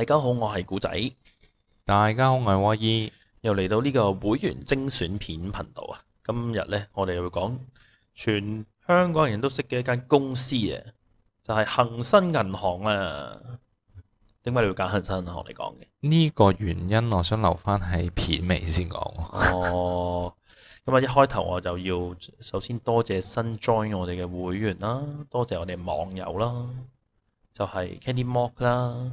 大家好，我係古仔。大家好，我係窩伊。又嚟到呢個會員精選片頻道啊。今日呢，我哋會講全香港人都識嘅一間公司啊，就係恒生銀行啊。點解你會揀恒生銀行嚟講嘅？呢個原因，我想留翻喺片尾先講。 哦。咁啊，一開頭我就要首先多謝新 join 我哋嘅會員啦，多謝我哋網友啦，就係、是、Candy Mark 啦。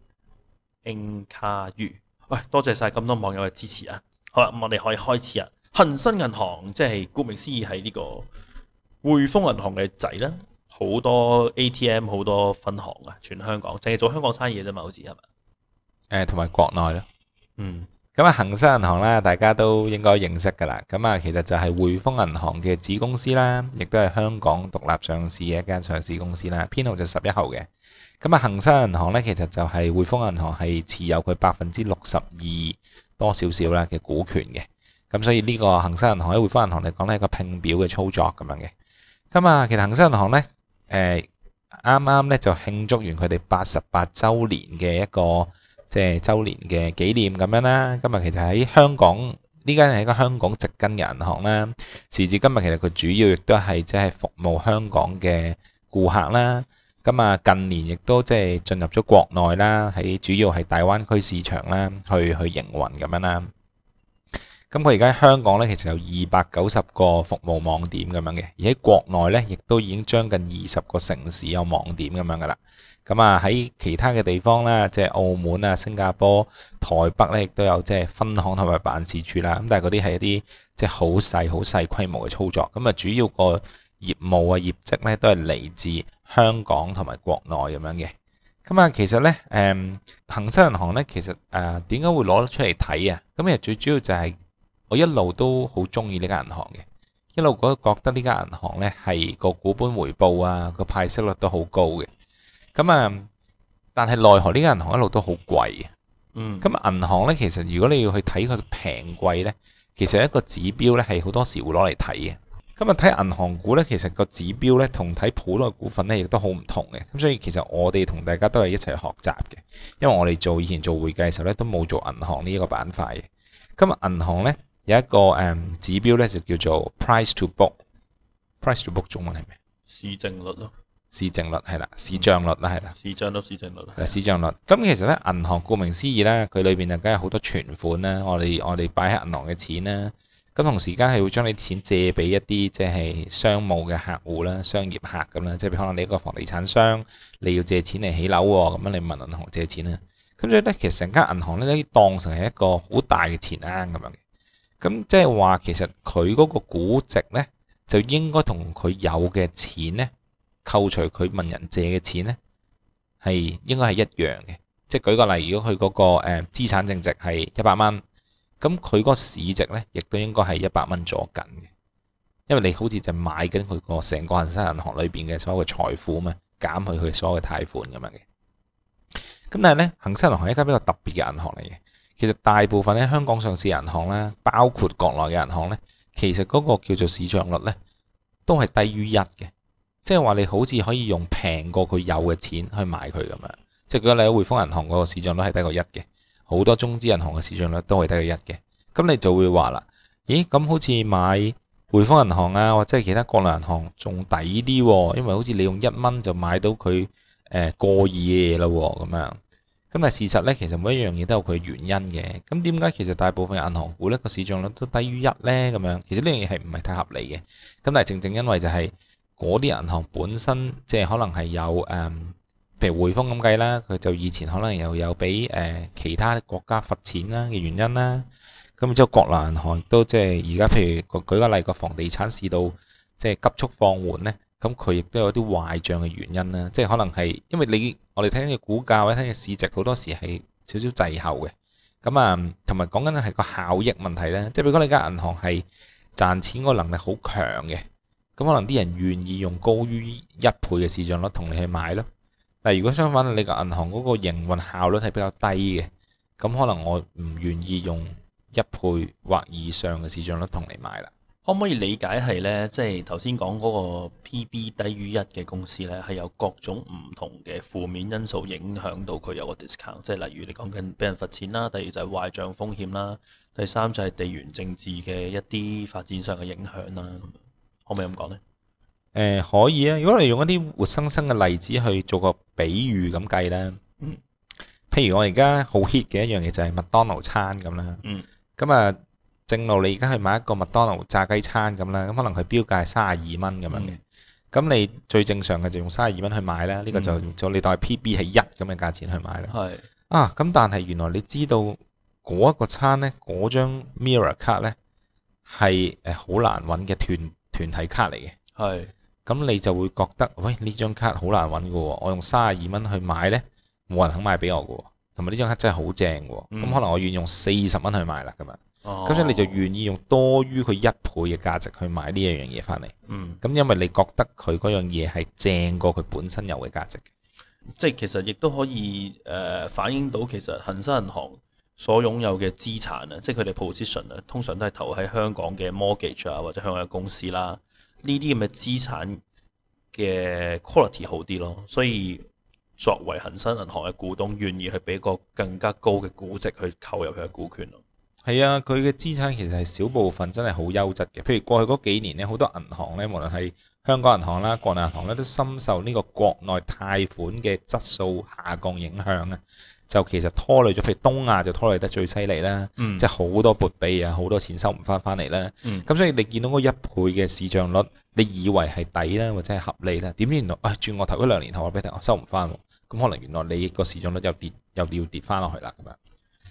英應卡譽，喂、哎，多謝晒咁多網友嘅支持啊！好啦，咁、嗯、我哋可以開始啊。恒生銀行即係顧名思義係呢個匯豐銀行嘅仔啦，好多 ATM，好多分行啊，全香港淨係做香港生意啫嘛，好似係咪？誒、呃，同埋國內咯。嗯，咁啊，恒生銀行啦，大家都應該認識噶啦。咁啊，其實就係匯豐銀行嘅子公司啦，亦都係香港獨立上市嘅一間上市公司啦。編號就十一號嘅。咁啊，恒生銀行咧，其實就係匯豐銀行係持有佢百分之六十二多少少啦嘅股權嘅。咁所以呢個恒生銀行喺匯豐銀行嚟講咧，係一個拼表嘅操作咁樣嘅。咁啊，其實恒生銀行咧，誒，啱啱咧就慶祝完佢哋八十八週年嘅一個即係週年嘅紀念咁樣啦。今日其實喺香港呢間係一個香港植根嘅銀行啦。時至今日，其實佢主要亦都係即係服務香港嘅顧客啦。咁啊，近年亦都即係進入咗國內啦，喺主要係大灣區市場啦，去去營運咁樣啦。咁佢而家香港咧，其實有二百九十個服務網點咁樣嘅，而喺國內咧，亦都已經將近二十個城市有網點咁樣噶啦。咁啊，喺其他嘅地方啦，即係澳門啊、新加坡、台北咧，亦都有即係分行同埋辦事處啦。咁但係嗰啲係一啲即係好細好細規模嘅操作。咁啊，主要個業務啊、業績咧，都係嚟自香港同埋國內咁樣嘅，咁啊，其實咧，誒恒生銀行咧，其實誒點解會攞得出嚟睇啊？咁其實最主要就係我一路都好中意呢間銀行嘅，一路覺得得呢間銀行咧係個股本回報啊，個派息率都好高嘅。咁啊，但係奈何呢間銀行一路都好貴啊。嗯。咁銀行咧、嗯，其實如果你要去睇佢平貴咧，其實一個指標咧係好多時會攞嚟睇嘅。今日睇銀行股咧，其實個指標咧，同睇普通嘅股份咧，亦都好唔同嘅。咁所以其實我哋同大家都係一齊學習嘅，因為我哋做以前做會計嘅時候咧，都冇做銀行呢一個板塊嘅。咁啊，銀行咧有一個誒、嗯、指標咧，就叫做 price to book，price to book 中文係咩？市淨率咯。市淨率係啦，市賬率啦係啦。市賬率市淨率係市賬率。咁的、嗯、其實咧，銀行顧名思義啦，佢裏邊啊，梗係好多存款啦，我哋我哋擺喺銀行嘅錢啦。咁同時間係會將你啲錢借俾一啲即係商務嘅客戶啦、商業客咁啦，即係可能你一個房地產商，你要借錢嚟起樓喎，咁樣你問銀行借錢啊。咁所以咧，其實成間銀行咧，當成係一個好大嘅錢啊。咁樣嘅。咁即係話，其實佢嗰個估值咧，就應該同佢有嘅錢咧，扣除佢問人借嘅錢咧，係應該係一樣嘅。即係舉個例，如果佢嗰個，誒，呃，資產淨值係一百蚊。咁佢嗰個市值咧，亦都應該係一百蚊左緊嘅，因為你好似就買緊佢個成個恒生銀行裏邊嘅所有嘅財富啊嘛，減去佢所有嘅貸款咁樣嘅。咁但係咧，恒生銀行係一家比較特別嘅銀行嚟嘅。其實大部分咧香港上市銀行啦，包括國內嘅銀行咧，其實嗰個叫做市賬率咧，都係低於一嘅。即係話你好似可以用平過佢有嘅錢去買佢咁樣，即係舉例，匯豐銀行嗰個市賬率係低過一嘅。好多中資銀行嘅市賬率都係低過一嘅，咁你就會話啦，咦？咁好似買匯豐銀行啊，或者係其他國內銀行仲抵啲喎，因為好似你用一蚊就買到佢誒、呃、過二嘅嘢啦喎，咁樣。咁但事實呢，其實每一樣嘢都有佢嘅原因嘅。咁點解其實大部分銀行股呢個市賬率都低於一呢？咁樣其實呢樣嘢係唔係太合理嘅？咁但係正正因為就係嗰啲銀行本身，即係可能係有誒。嗯譬如匯豐咁計啦，佢就以前可能又有俾誒、呃、其他國家罰錢啦嘅原因啦。咁之後，國內銀行都即係而家譬如舉舉個例，個房地產市道即係急速放緩咧，咁佢亦都有啲壞賬嘅原因啦。即、就、係、是、可能係因為你我哋睇嘅股價，或者睇嘅市值好多時係少少滯後嘅。咁啊，同埋講緊係個效益問題咧。即係譬如講你間銀行係賺錢個能力好強嘅，咁可能啲人願意用高於一倍嘅市賬率同你去買咯。但如果相反，你個銀行嗰個營運效率係比較低嘅，咁可能我唔願意用一倍或以上嘅市賬率同你買啦。可唔可以理解係呢？即係頭先講嗰個 PB 低於一嘅公司呢，係有各種唔同嘅負面因素影響到佢有個 discount，即係例如你講緊俾人罰錢啦，第二就係壞帳風險啦，第三就係地緣政治嘅一啲發展上嘅影響啦。可唔可以咁講呢？誒、呃，可以啊！如果你用一啲活生生嘅例子去做個比喻咁計啦，嗯、譬如我而家好 hit 嘅一樣嘢就係麥當勞餐咁啦，咁啊、嗯、正路你而家去買一個麥當勞炸雞餐咁啦，咁可能佢標價係卅二蚊咁樣嘅，咁、嗯、你最正常嘅就用卅二蚊去買啦，呢、呢個就、嗯、就你當 P.B 係一咁嘅價錢去買啦。係是啊，咁但係原來你知道嗰一個餐咧，嗰張 Mirror 卡咧係誒好難搵嘅團團體卡嚟嘅。係是。咁你就會覺得，喂，呢張卡好難揾嘅喎，我用三十二蚊去買呢，冇人肯買俾我嘅喎、哦，同埋呢張卡真係好正喎、哦，咁、嗯、可能我願用四十蚊去買啦，咁啊、哦，咁所以你就願意用多於佢一倍嘅價值去買呢一樣嘢翻嚟，咁、嗯、因為你覺得佢嗰樣嘢係正過佢本身有嘅價值。即係其實亦都可以誒反映到其實恒生銀行所擁有嘅資產啊，即係佢哋 position 啊，通常都係投喺香港嘅 mortgage 啊，或者香港嘅公司啦。呢啲咁嘅資產嘅 quality 好啲咯，所以作為恒生銀行嘅股東，願意去俾個更加高嘅估值去購入佢嘅股權咯。係啊，佢嘅資產其實係少部分真係好優質嘅，譬如過去嗰幾年咧，好多銀行咧，無論係香港銀行啦、國內銀行咧，都深受呢個國內貸款嘅質素下降影響啊。就其實拖累咗，譬如東亞就拖累得最犀利啦，嗯、即係好多撥備啊，好多錢收唔翻翻嚟啦。咁、嗯、所以你見到嗰一倍嘅市賬率，你以為係抵啦，或者係合理啦，點知原來誒、哎、轉過頭一兩年後，我俾人收唔翻，咁可能原來你個市賬率又跌，又要跌翻落去啦。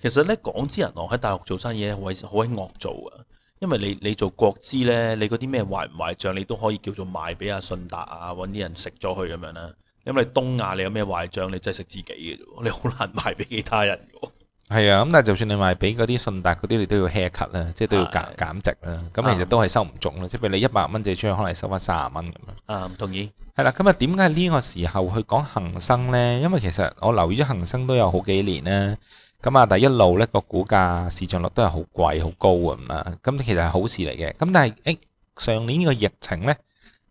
其實呢，港資銀行喺大陸做生意好鬼惡做啊，因為你你做國資呢，你嗰啲咩壞唔壞帳，你都可以叫做賣俾阿信達啊，揾啲人食咗佢咁樣啦。因為東亞你有咩壞賬，你真係食自己嘅啫，你好難賣俾其他人嘅。係啊，咁但係就算你賣俾嗰啲信達嗰啲，你都要 haircut 啦，即係都要減減值啦。咁其實都係收唔足啦。即係譬如你一百蚊借出去，可能收翻三十蚊咁樣。啊，唔同意。係啦，咁啊，點解呢個時候去講恒生咧？因為其實我留意咗恒生都有好幾年啦。咁啊，但係一路咧個股價市賬率都係好貴好高咁啦。咁其實係好事嚟嘅。咁但係誒，上年呢個疫情咧。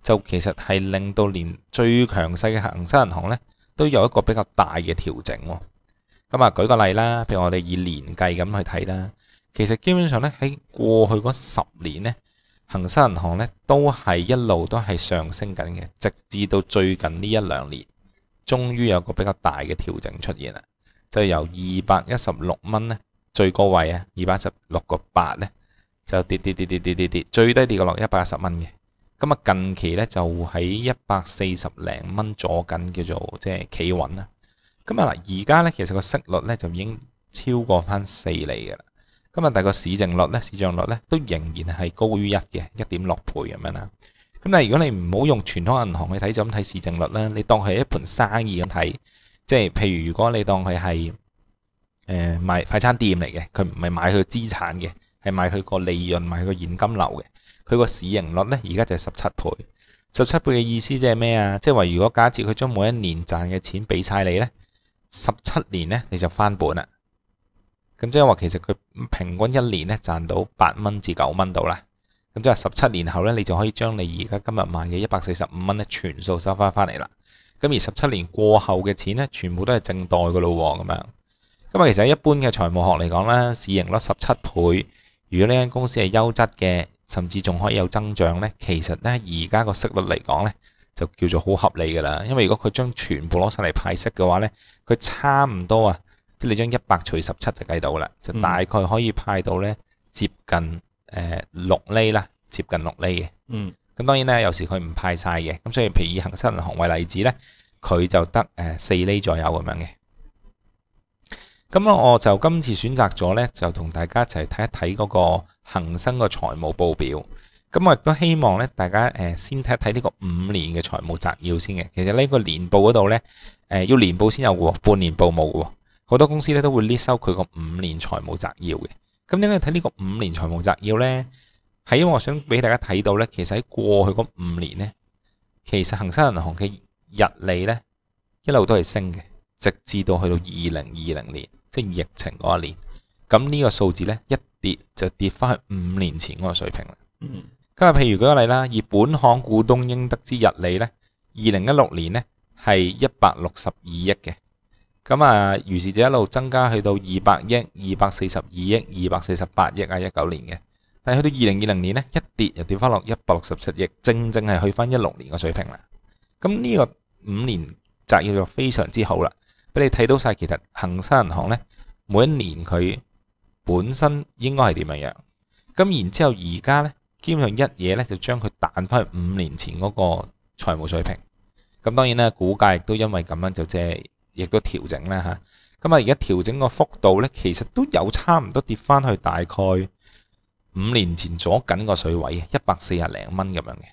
就其實係令到連最強勢嘅恒生銀行咧，都有一個比較大嘅調整喎。咁啊，舉個例啦，譬如我哋以年計咁去睇啦，其實基本上咧喺過去嗰十年咧，恒生銀行咧都係一路都係上升緊嘅，直至到最近呢一兩年，終於有個比較大嘅調整出現啦。就由二百一十六蚊咧最高位啊，二百一十六個八咧，就跌跌跌跌跌跌跌，最低跌到落一百一十蚊嘅。咁啊，近期咧就喺一百四十零蚊左近，叫做即係企穩啦。咁啊嗱，而家咧其實個息率咧就已經超過翻四厘嘅啦。咁啊，但係個市淨率咧、市淨率咧都仍然係高於一嘅，一點六倍咁樣啦。咁但係如果你唔好用傳統銀行去睇就咁睇市淨率啦，你當佢係一盤生意咁睇，即係譬如如果你當佢係誒賣快餐店嚟嘅，佢唔係買佢個資產嘅，係買佢個利潤、買佢個現金流嘅。佢個市盈率咧，而家就係十七倍。十七倍嘅意思即係咩啊？即係話如果假設佢將每一年賺嘅錢俾晒你咧，十七年咧你就翻本啦。咁即係話其實佢平均一年咧賺到八蚊至九蚊到啦。咁即係十七年後咧，你就可以將你而家今日買嘅一百四十五蚊咧全數收翻翻嚟啦。咁而十七年過後嘅錢咧，全部都係正代嘅咯喎咁樣。咁啊，其實一般嘅財務學嚟講咧，市盈率十七倍，如果呢間公司係優質嘅，甚至仲可以有增長咧，其實咧而家個息率嚟講咧，就叫做好合理噶啦。因為如果佢將全部攞晒嚟派息嘅話咧，佢差唔多啊，即、就、係、是、你將一百除十七就計到啦，嗯、就大概可以派到咧接近誒六厘啦，接近六、呃、厘嘅。厘嗯，咁當然咧，有時佢唔派晒嘅，咁所以譬如以恒生銀行為例子咧，佢就得誒四厘左右咁樣嘅。咁我就今次選擇咗呢，就同大家一齊睇一睇嗰個恒生嘅財務報表。咁我亦都希望呢，大家誒先睇一睇呢個五年嘅財務摘要先嘅。其實呢，呢個年報嗰度呢，要年報先有喎，半年報冇喎。好多公司呢，都會列收佢個五年財務摘要嘅。咁點解睇呢個五年財務摘要呢，係因為我想俾大家睇到呢，其實喺過去嗰五年呢，其實恒生銀行嘅日利呢，一路都係升嘅。直至到去到二零二零年，即係疫情嗰一年，咁呢個數字呢，一跌就跌翻去五年前嗰個水平啦。嗯，今日譬如舉個例啦，以本行股東應得之溢利呢，二零一六年呢係一百六十二億嘅，咁啊，於是就一路增加去到二百億、二百四十二億、二百四十八億啊，一九年嘅。但係去到二零二零年呢，一跌又跌翻落一百六十七億，正正係去翻一六年個水平啦。咁呢個五年摘要就非常之好啦。俾你睇到晒，其實恒生銀行咧，每一年佢本身應該係點樣樣？咁然之後而家咧，基本上一嘢咧就將佢彈翻去五年前嗰個財務水平。咁當然咧，股價亦都因為咁樣就即係亦都調整啦吓，咁啊，而家調整個幅度咧，其實都有差唔多跌翻去大概五年前左近個水位，一百四十零蚊咁樣嘅，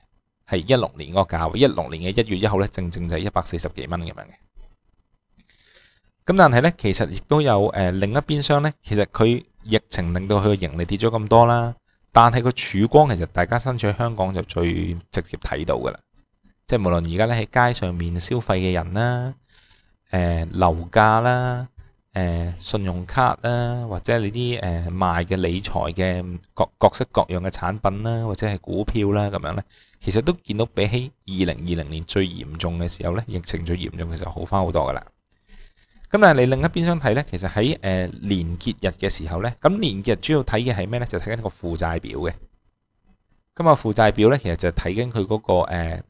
係一六年嗰個價位，一六年嘅一月一號咧，正正就係一百四十幾蚊咁樣嘅。咁但係呢，其實亦都有誒、呃、另一邊廂呢。其實佢疫情令到佢嘅盈利跌咗咁多啦，但係個曙光其實大家身處香港就最直接睇到噶啦。即係無論而家咧喺街上面消費嘅人啦，誒樓價啦，誒、呃、信用卡啦，或者你啲誒、呃、賣嘅理財嘅各各式各樣嘅產品啦，或者係股票啦咁樣呢，其實都見到比起二零二零年最嚴重嘅時候呢，疫情最嚴重嘅時候好返好多噶啦。咁啊，但你另一邊想睇呢？其實喺誒年結日嘅時候呢，咁年結日主要睇嘅係咩呢？就睇、是、緊個負債表嘅。咁啊，負債表呢，其實就睇緊佢嗰個、呃、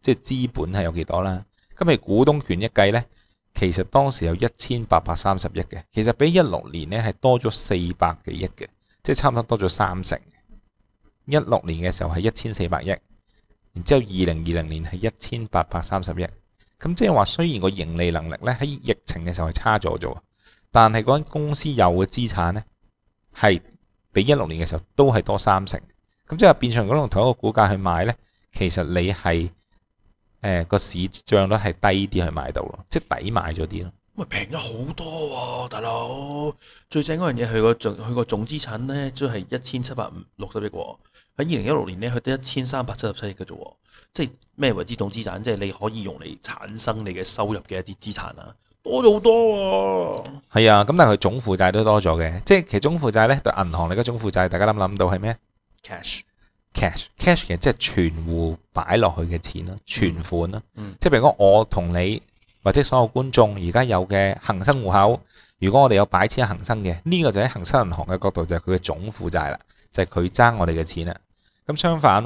即係資本係有幾多啦。咁係股東權益計呢，其實當時有一千八百三十億嘅，其實比一六年呢係多咗四百幾億嘅，即係差唔多多咗三成。一六年嘅時候係一千四百億，然之後二零二零年係一千八百三十億。咁即係話，雖然個盈利能力咧喺疫情嘅時候係差咗咗，但係嗰間公司有嘅資產咧係比一六年嘅時候都係多三成。咁即係話，變成嗰種同一個股價去買咧，其實你係誒個市漲率係低啲去買到咯，即係抵買咗啲咯。喂，平咗好多喎，啊，大佬！最正嗰樣嘢，佢個佢個總資產咧都係一千七百六十億喎。喺二零一六年咧，佢得一千三百七十七億嘅啫。即係咩為之總資產？即係你可以用嚟產生你嘅收入嘅一啲資產啦，多咗好多。係啊，咁、啊、但係佢總負債都多咗嘅，即係其中負債咧，對銀行嚟講，總負債，大家諗唔諗到係咩？cash，cash，cash 嘅即係全戶擺落去嘅錢咯，存款咯。即係譬如講我同你或者所有觀眾而家有嘅恒生戶口，如果我哋有擺錢喺恒生嘅，呢、這個就喺恒生銀行嘅角度就係佢嘅總負債啦，就係佢爭我哋嘅錢啦。咁相反。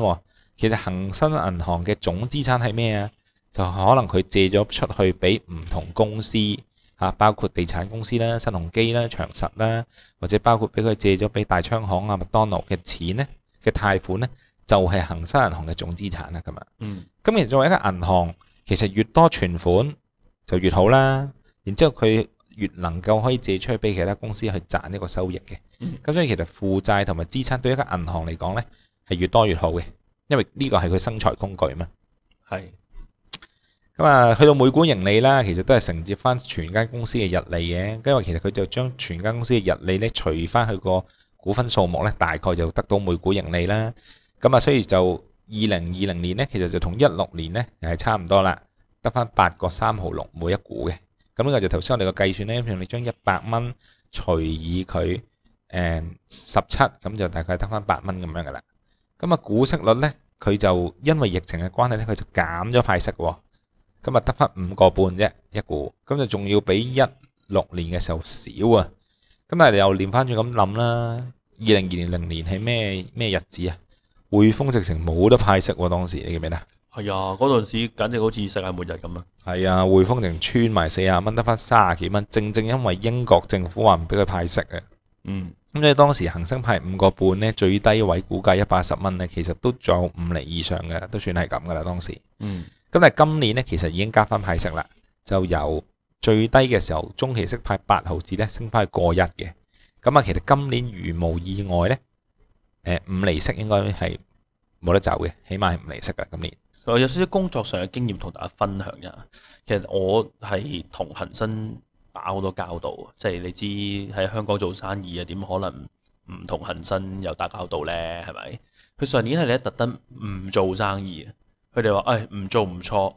其實恒生銀行嘅總資產係咩啊？就可能佢借咗出去俾唔同公司，嚇包括地產公司啦、新鴻基啦、長實啦，或者包括俾佢借咗俾大昌行啊、麥當勞嘅錢咧嘅貸款咧，就係、是、恒生銀行嘅總資產啦，咁啊。嗯。咁其實作為一家銀行，其實越多存款就越好啦。然之後佢越能夠可以借出去俾其他公司去賺呢個收益嘅。嗯。咁所以其實負債同埋資產對一家銀行嚟講咧係越多越好嘅。因為呢個係佢生財工具嘛，係，咁啊，去到每股盈利啦，其實都係承接翻全間公司嘅日利嘅，因為其實佢就將全間公司嘅日利咧除翻去個股份數目咧，大概就得到每股盈利啦。咁啊，所以就二零二零年咧，其實就同一六年咧，又係差唔多啦，得翻八個三毫六每一股嘅。咁呢個就頭先我哋個計算咧，用你將一百蚊除以佢誒十七，咁就大概得翻八蚊咁樣噶啦。咁啊股息率呢，佢就因為疫情嘅關係呢，佢就減咗派息嘅。今日得翻五個半啫，一股，咁就仲要比一六年嘅時候少啊。咁但係又連翻轉咁諗啦，二零二零年係咩咩日子啊？匯豐直情冇得派息喎當時，你記唔記得？係啊、哎，嗰陣時簡直好似世界末日咁啊！係啊，匯豐直情穿埋四啊蚊，得翻三十幾蚊。正正因為英國政府話唔俾佢派息啊！嗯，咁即係當時恒生派五個半咧，最低位估計一百十蚊咧，其實都仲有五厘以上嘅，都算係咁噶啦，當時。嗯，咁但係今年咧，其實已經加翻派息啦，就由最低嘅時候中期息派八毫子咧，升翻去過一嘅。咁啊，其實今年如無意外咧，誒五厘息應該係冇得走嘅，起碼係五厘息噶今年。我有少少工作上嘅經驗同大家分享一下，其實我係同恒生。打好多交道，即係你知喺香港做生意啊，點可能唔同恒生有打交道呢？係咪？佢上年係咧特登唔做生意，佢哋話誒唔做唔錯，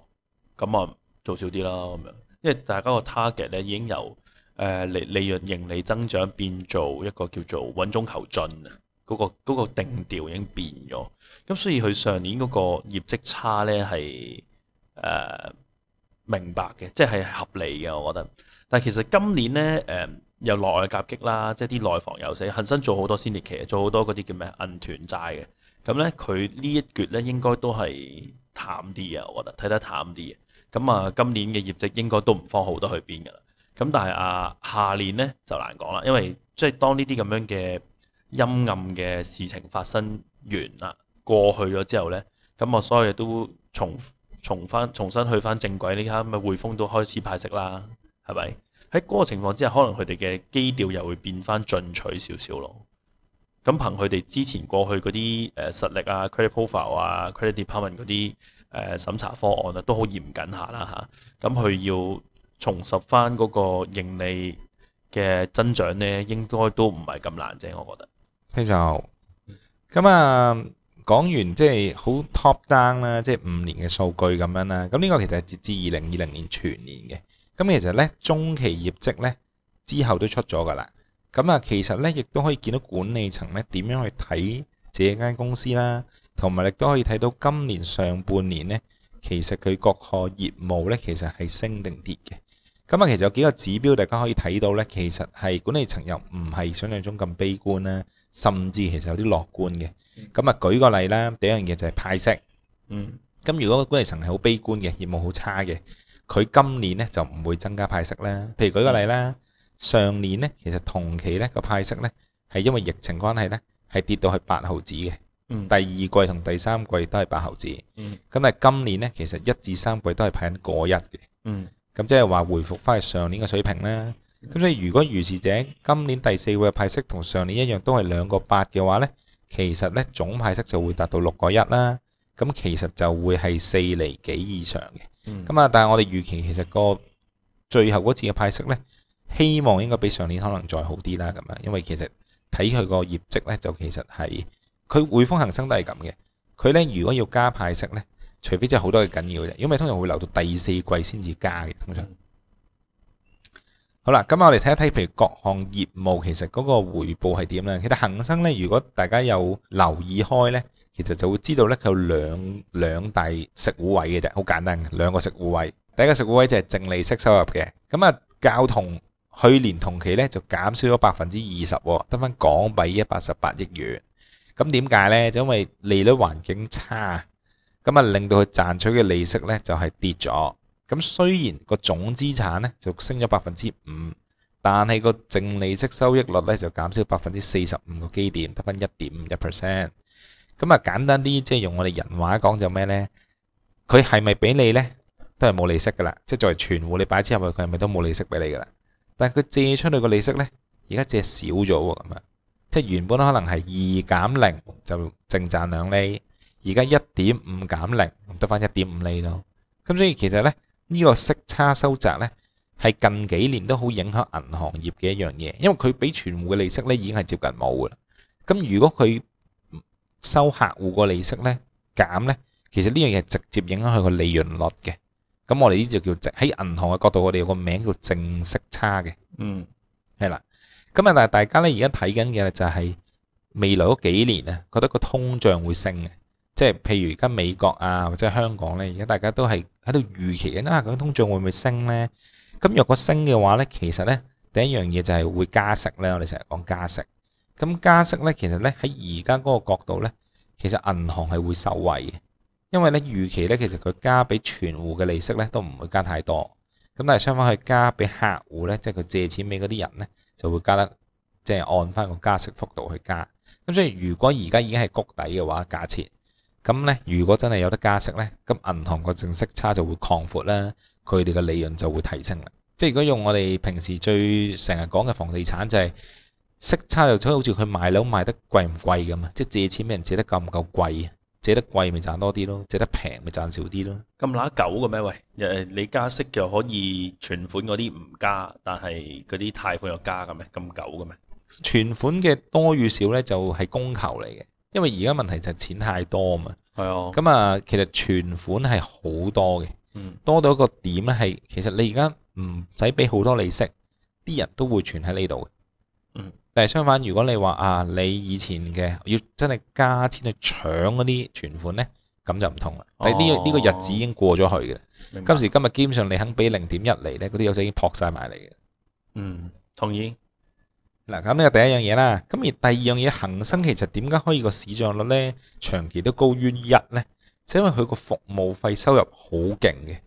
咁啊做少啲啦咁樣，因為大家個 target 咧已經由誒、呃、利利潤盈利增長變做一個叫做穩中求進啊，嗰、嗰個嗰個定調已經變咗，咁所以佢上年嗰個業績差呢，係、呃、誒。明白嘅，即係合理嘅，我覺得。但係其實今年呢，誒、呃、又內外夾擊啦，即係啲內房有死，恆生做好多 syndicate，做好多嗰啲叫咩銀團債嘅。咁呢，佢呢一撅呢應該都係淡啲嘅，我覺得睇得淡啲嘅。咁啊，今年嘅業績應該都唔放好多去邊㗎啦。咁但係啊，下年呢就難講啦，因為即係當呢啲咁樣嘅陰暗嘅事情發生完啦、過去咗之後呢，咁我所有嘢都從重翻重新去翻正軌，呢家咪匯豐都開始派息啦，係咪？喺嗰個情況之下，可能佢哋嘅基調又會變翻進取少少咯。咁憑佢哋之前過去嗰啲誒實力啊、credit profile 啊、credit department 嗰啲、呃、誒審查方案啊，都好嚴謹下啦嚇。咁佢要重拾翻嗰個盈利嘅增長咧，應該都唔係咁難啫，我覺得。呢就咁啊。講完即係好 top down 啦，即係五年嘅數據咁樣啦。咁呢個其實係截至二零二零年全年嘅。咁其實呢，中期業績呢之後都出咗㗎喇。咁啊，其實呢亦都可以見到管理層呢點樣去睇這間公司啦，同埋亦都可以睇到今年上半年呢，其實佢各項業務呢其實係升定跌嘅。咁啊，其實有幾個指標大家可以睇到呢，其實係管理層又唔係想像中咁悲觀啦，甚至其實有啲樂觀嘅。咁啊，嗯、舉個例啦。第一樣嘢就係派息，嗯。咁如果個管理層係好悲觀嘅，業務好差嘅，佢今年咧就唔會增加派息啦。譬如舉個例啦，上年咧其實同期咧個派息咧係因為疫情關係咧係跌到去八毫子嘅，嗯。第二季同第三季都係八毫子，嗯。咁但係，今年咧其實一至三季都係派緊過一嘅，嗯。咁即係話回復翻係上年嘅水平啦。咁、嗯、所以如果如是者今年第四季嘅派息同上年一樣都係兩個八嘅話咧。其實咧總派息就會達到六個一啦，咁其實就會係四厘幾以上嘅，咁啊、嗯、但係我哋預期其實個最後嗰次嘅派息咧，希望應該比上年可能再好啲啦，咁樣因為其實睇佢個業績咧就其實係佢匯豐恒生都係咁嘅，佢咧如果要加派息咧，除非真係好多嘢緊要嘅，因為通常會留到第四季先至加嘅通常。好啦，咁我哋睇一睇，譬如各項業務其實嗰個回報係點咧？其實恒生咧，如果大家有留意開咧，其實就會知道咧，佢有兩兩大食糊位嘅啫，好簡單嘅兩個食糊位。第一個食糊位就係淨利息收入嘅，咁啊，較同去年同期咧就減少咗百分之二十，得返港幣一百十八億元。咁點解咧？就因為利率環境差，咁啊，令到佢賺取嘅利息咧就係、是、跌咗。咁雖然個總資產咧就升咗百分之五，但係個淨利息收益率咧就減少百分之四十五個基點，得翻一點五一 percent。咁啊，簡單啲即係用我哋人話講就咩咧？佢係咪俾你咧都係冇利息噶啦？即係作為全戶，你擺之入去佢係咪都冇利息俾你噶啦？但係佢借出去個利息咧，而家借少咗喎咁啊！即係原本可能係二減零就淨賺兩厘，而家一點五減零得翻一點五厘咯。咁所以其實咧～呢個息差收窄咧，係近幾年都好影響銀行業嘅一樣嘢，因為佢俾存戶嘅利息咧已經係接近冇噶啦。咁如果佢收客戶個利息咧減咧，其實呢樣嘢係直接影響佢個利潤率嘅。咁我哋呢就叫直喺銀行嘅角度，我哋有個名叫正息差嘅。嗯，係啦。咁啊，但係大家咧而家睇緊嘅就係未來嗰幾年啊，覺得個通脹會升嘅，即係譬如而家美國啊或者香港咧，而家大家都係。喺度預期緊啊，講通脹會唔會升呢？咁若果升嘅話咧，其實咧第一樣嘢就係會加息咧。我哋成日講加息，咁加息咧，其實咧喺而家嗰個角度咧，其實銀行係會受惠嘅，因為咧預期咧，其實佢加俾存戶嘅利息咧都唔會加太多。咁但係相反去加俾客戶咧，即係佢借錢俾嗰啲人咧，就會加得即係、就是、按翻個加息幅度去加。咁所以如果而家已經係谷底嘅話，價錢。咁呢，如果真係有得加息呢，咁銀行個淨息差就會擴闊啦，佢哋嘅利潤就會提升啦。即係如果用我哋平時最成日講嘅房地產，就係，就係息差又即好似佢賣樓賣得貴唔貴咁啊？即係借錢俾人借得夠唔夠貴啊？借得貴咪賺多啲咯，借得平咪賺少啲咯。咁乸九嘅咩？喂，你加息就可以存款嗰啲唔加，但係嗰啲貸款又加嘅咩？咁九嘅咩？存款嘅多與少呢，就係供求嚟嘅。因為而家問題就係錢太多啊嘛，係啊、嗯，咁啊，其實存款係好多嘅，多到一個點咧，係其實你而家唔使俾好多利息，啲人都會存喺呢度嘅。嗯。但係相反，如果你話啊，你以前嘅要真係加錢去搶嗰啲存款呢，咁就唔同啦。但呢、呢、呢、個哦、呢個日子已經過咗去嘅。明白。今時今日基本上你肯俾零點一嚟，呢，嗰啲友仔已經撲晒埋嚟嘅。嗯，同意。嗱咁呢個第一樣嘢啦，咁而第二樣嘢恒生其實點解可以個市賬率呢？長期都高於一呢？就係、因為佢個服務費收入好勁嘅。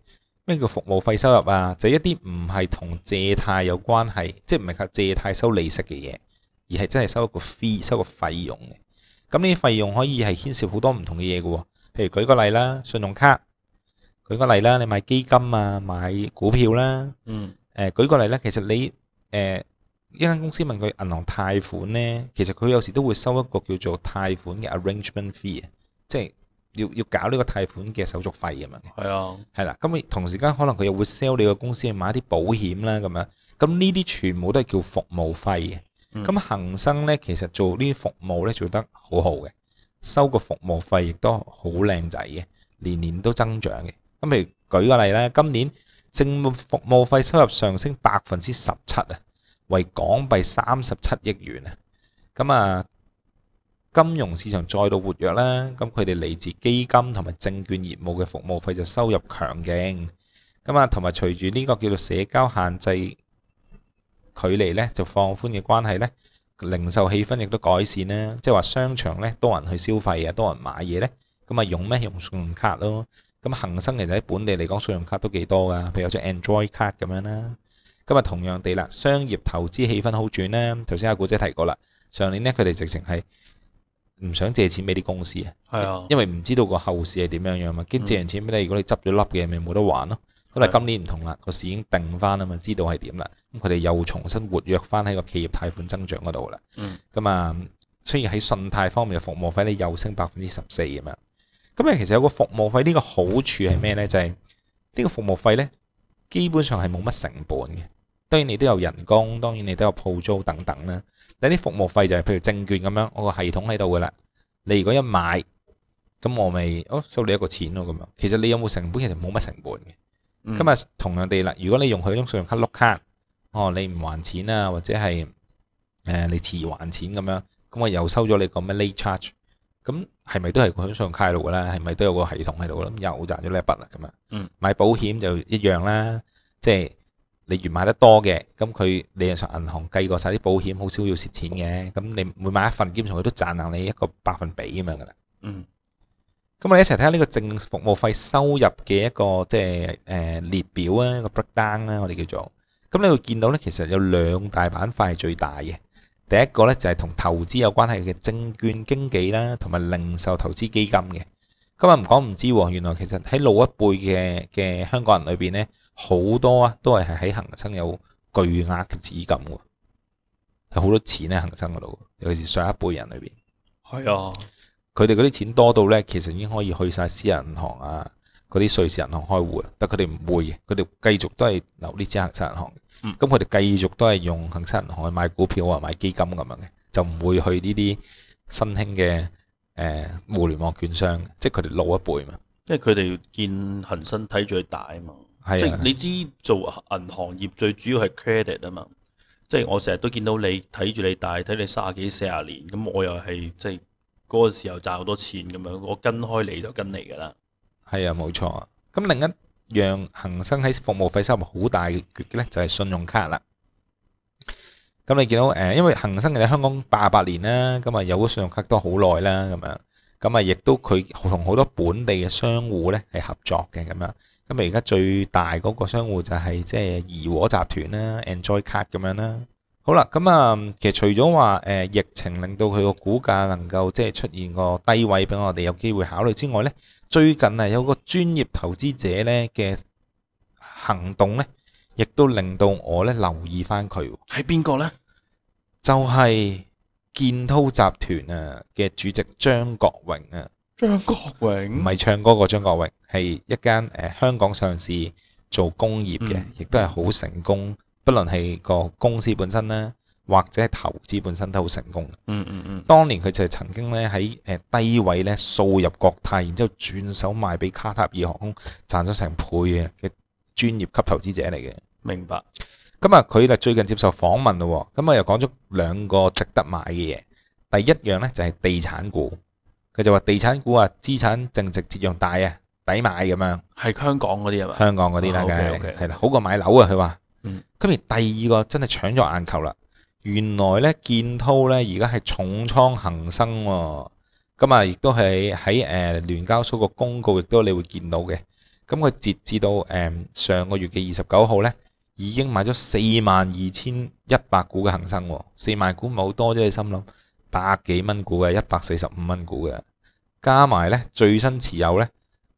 咩叫服務費收入啊？就一啲唔係同借貸有關係，即係唔係靠借貸收利息嘅嘢，而係真係收一個 fee 收個費用嘅。咁呢啲費用可以係牽涉好多唔同嘅嘢嘅喎。譬如舉個例啦，信用卡；舉個例啦，你買基金啊，買股票啦。嗯。誒、呃，舉個例啦，其實你誒。呃一間公司問佢銀行貸款呢，其實佢有時都會收一個叫做貸款嘅 arrangement fee，即係要要搞呢個貸款嘅手續費咁樣。係啊，係啦，咁咪同時間可能佢又會 sell 你個公司買啲保險啦咁樣。咁呢啲全部都係叫服務費嘅。咁、嗯、恒生呢，其實做呢啲服務呢做得好好嘅，收個服務費亦都好靚仔嘅，年年都增長嘅。咁譬如舉個例啦，今年淨服務費收入上升百分之十七啊！為港幣三十七億元啊！咁啊，金融市場再度活躍啦，咁佢哋嚟自基金同埋證券業務嘅服務費就收入強勁。咁啊，同埋隨住呢個叫做社交限制距離咧，就放寬嘅關係咧，零售氣氛亦都改善啦。即係話商場咧，多人去消費啊，多人買嘢咧，咁啊，用咩？用信用卡咯。咁恒生其實喺本地嚟講，信用卡都幾多㗎，譬如有隻 Enjoy 卡咁樣啦。今日同樣地啦，商業投資氣氛好轉啦。頭先阿古姐提過啦，上年咧佢哋直情係唔想借錢俾啲公司啊，係啊的，因為唔知道個後市係點樣樣啊嘛。跟、嗯、借完錢俾你，如果你執咗粒嘅，咪冇得還咯。咁但係今年唔同啦，個市已經定翻啊嘛，知道係點啦。咁佢哋又重新活躍翻喺個企業貸款增長嗰度啦。咁啊、嗯，所以喺信貸方面嘅服務費咧又升百分之十四咁樣。咁啊，嗯、其實有個服務費呢、這個好處係咩咧？就係、是、呢個服務費咧。基本上係冇乜成本嘅，當然你都有人工，當然你都有鋪租等等啦。但啲服務費就係譬如證券咁樣，我個系統喺度噶啦。你如果一買，咁我咪哦收你一個錢咯咁樣。其實你有冇成本？其實冇乜成本嘅。嗯、今日同樣地啦，如果你用佢張信用卡碌卡，哦你唔還錢啊，或者係誒、呃、你遲還錢咁樣，咁我又收咗你個咩 late charge。咁係咪都係向上卡路噶啦？係咪都有個系統喺度啦？又賺咗呢一筆啦咁啊！買保險就一樣啦，即係你越買得多嘅，咁佢你又上銀行計過曬啲保險，好少要蝕錢嘅。咁你每買一份基本上佢都賺埋你一個百分比咁樣，噶啦。嗯。咁我哋一齊睇下呢個淨服務費收入嘅一個即係誒列表啊，一個 breakdown 啦，我哋叫做。咁你會見到咧，其實有兩大板塊係最大嘅。第一個咧就係同投資有關係嘅證券經紀啦，同埋零售投資基金嘅。今日唔講唔知喎，原來其實喺老一輩嘅嘅香港人裏邊咧，好多啊都係係喺恒生有巨額嘅資金喎，有好多錢喺恒生嗰度，尤其是上一輩人裏邊。係啊，佢哋嗰啲錢多到咧，其實已經可以去晒私人銀行啊，嗰啲瑞士銀行開戶啊，但佢哋唔會嘅，佢哋繼續都係留呢支恒生銀行。咁佢哋繼續都係用恒生銀行去買股票啊、買基金咁樣嘅，就唔會去呢啲新興嘅誒、呃、互聯網券商，即係佢哋老一輩嘛。因為佢哋見恒生睇住佢大啊嘛。即係、啊、你知、啊、做銀行業最主要係 credit 啊嘛。即、就、係、是、我成日都見到你睇住你大，睇你三十幾四十年，咁我又係即係嗰個時候賺好多錢咁樣，我跟開你都跟你㗎啦。係啊，冇錯啊。咁另一讓恒生喺服務費收入好大嘅決嘅咧，就係信用卡啦。咁你見到誒，因為恒生其實香港八八年啦，咁啊有咗信用卡都好耐啦，咁樣，咁啊亦都佢同好多本地嘅商戶咧係合作嘅咁樣。咁啊而家最大嗰個商戶就係即係怡和集團啦，Enjoy 卡咁樣啦。好啦，咁啊，其實除咗話誒疫情令到佢個股價能夠即係出現個低位俾我哋有機會考慮之外呢，最近係有個專業投資者呢嘅行動呢，亦都令到我呢留意翻佢。係邊個呢？就係建滔集團啊嘅主席張國榮啊。張國榮唔係唱歌個張國榮，係一間誒、呃、香港上市做工業嘅，亦都係好成功。不論係個公司本身啦，或者係投資本身都好成功。嗯嗯嗯。嗯當年佢就曾經咧喺誒低位咧掃入國泰，然之後轉手賣俾卡塔爾航空，賺咗成倍嘅專業級投資者嚟嘅。明白。咁啊，佢咧最近接受訪問咯，咁啊又講咗兩個值得買嘅嘢。第一樣咧就係地產股，佢就話地產股啊資產淨值折讓大啊，抵買咁樣。係香港嗰啲啊嘛。香港嗰啲啦，係啦，好過買樓啊，佢話。咁而、嗯、第二個真係搶咗眼球啦！原來咧建滔咧而家係重倉恒生、哦，咁啊亦都係喺誒聯交所個公告，亦都你會見到嘅。咁、嗯、佢截至到誒、嗯、上個月嘅二十九號咧，已經買咗四萬二千一百股嘅恒生、哦，四萬股唔係好多啫，你心諗百幾蚊股嘅，一百四十五蚊股嘅，加埋咧最新持有咧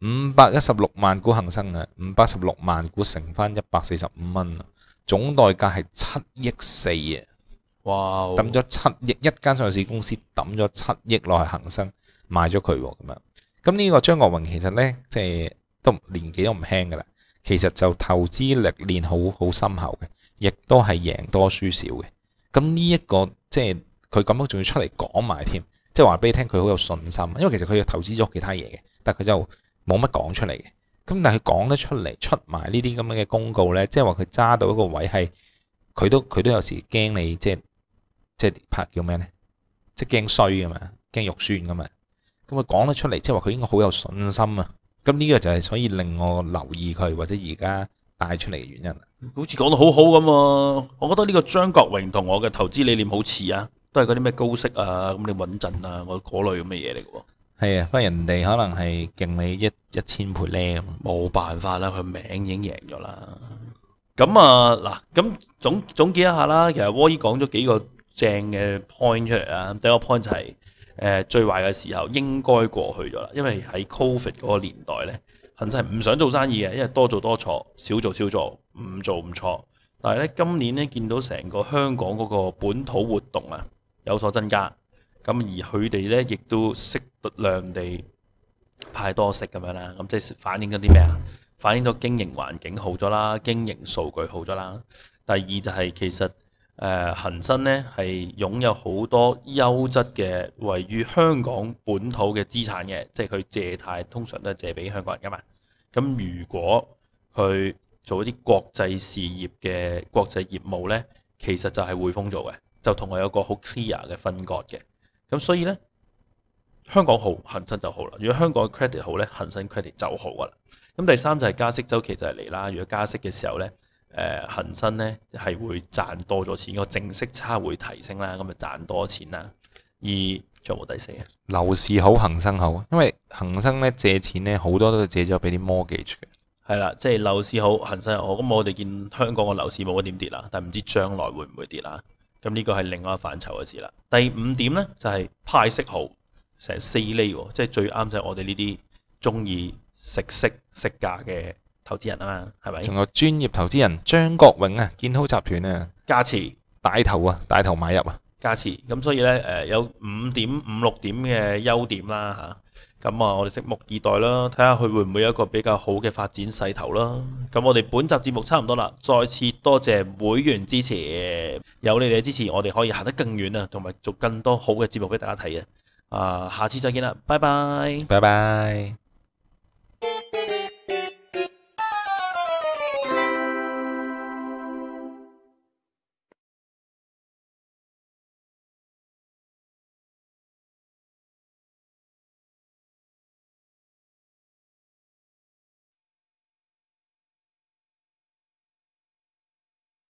五百一十六萬股恒生啊，五百十六萬股乘翻一百四十五蚊總代價係七億四啊！哇 Wow.，抌咗七億一間上市公司抌咗七億落去恒生買咗佢喎咁樣。咁呢個張國榮其實呢，即係都年紀都唔輕噶啦。其實就投資歷練好好深厚嘅，亦都係贏多輸少嘅。咁呢一個即係佢咁樣仲要出嚟講埋添，即係話俾你聽，佢好有信心。因為其實佢投資咗其他嘢嘅，但佢就冇乜講出嚟嘅。咁但係講得出嚟出埋呢啲咁樣嘅公告呢，即係話佢揸到一個位係，佢都佢都有時驚你，即係即係拍叫咩呢？即係驚衰噶嘛，驚肉酸噶嘛。咁佢講得出嚟，即係話佢應該好有信心啊。咁呢個就係所以令我留意佢或者而家帶出嚟嘅原因。好似講得好好咁，我覺得呢個張國榮同我嘅投資理念好似啊，都係嗰啲咩高息啊，咁你穩陣啊，我嗰類咁嘅嘢嚟嘅。係啊，不過人哋可能係勁你一一千倍呢，冇辦法啦，佢名已經贏咗啦。咁、嗯、啊嗱，咁總總結一下啦，其實窩依講咗幾個正嘅 point 出嚟啦。第一個 point 就係誒最壞嘅時候應該過去咗啦，因為喺 Covid 嗰個年代呢，咧，人真係唔想做生意啊，因為多做多錯，少做少錯，唔做唔錯。但係呢，今年呢，見到成個香港嗰個本土活動啊有所增加，咁而佢哋呢亦都識。量地派多息咁樣啦，咁即係反映咗啲咩啊？反映咗經營環境好咗啦，經營數據好咗啦。第二就係、是、其實誒呃、恒生呢係擁有好多優質嘅位於香港本土嘅資產嘅，即係佢借貸通常都係借俾香港人噶嘛。咁如果佢做一啲國際事業嘅國際業務呢，其實就係匯豐做嘅，就同佢有個好 clear 嘅分割嘅。咁所以呢。香港好恒生就好啦。如果香港 credit 好咧，恒生 credit 就好噶啦。咁第三就係、是、加息周期就係嚟啦。如果加息嘅時候咧，誒、呃、恆生咧係會賺多咗錢，個淨息差會提升啦，咁就賺多錢啦。而再冇第四啊，樓市好恒生好啊，因為恒生咧借錢咧好多都係借咗俾啲 mortgage 嘅。係啦，即係樓市好恒生又好。咁我哋見香港嘅樓市冇乜點跌啦，但係唔知將來會唔會跌啦。咁呢個係另外一個範疇嘅事啦。第五點咧就係、是、派息好。成四厘喎，即係最啱就係我哋呢啲中意食息食價嘅投資人啊嘛，係咪？仲有專業投資人張國榮啊，建滔集團啊，加持帶頭啊，帶頭買入啊，加持咁，所以呢，誒有五點五六點嘅優點啦吓，咁啊，啊我哋拭目以待啦，睇下佢會唔會有一個比較好嘅發展勢頭啦。咁、嗯、我哋本集節目差唔多啦，再次多謝會員支持，有你哋支持，我哋可以行得更遠啊，同埋做更多好嘅節目俾大家睇啊！啊，uh, 下次再見啦，拜拜，拜拜。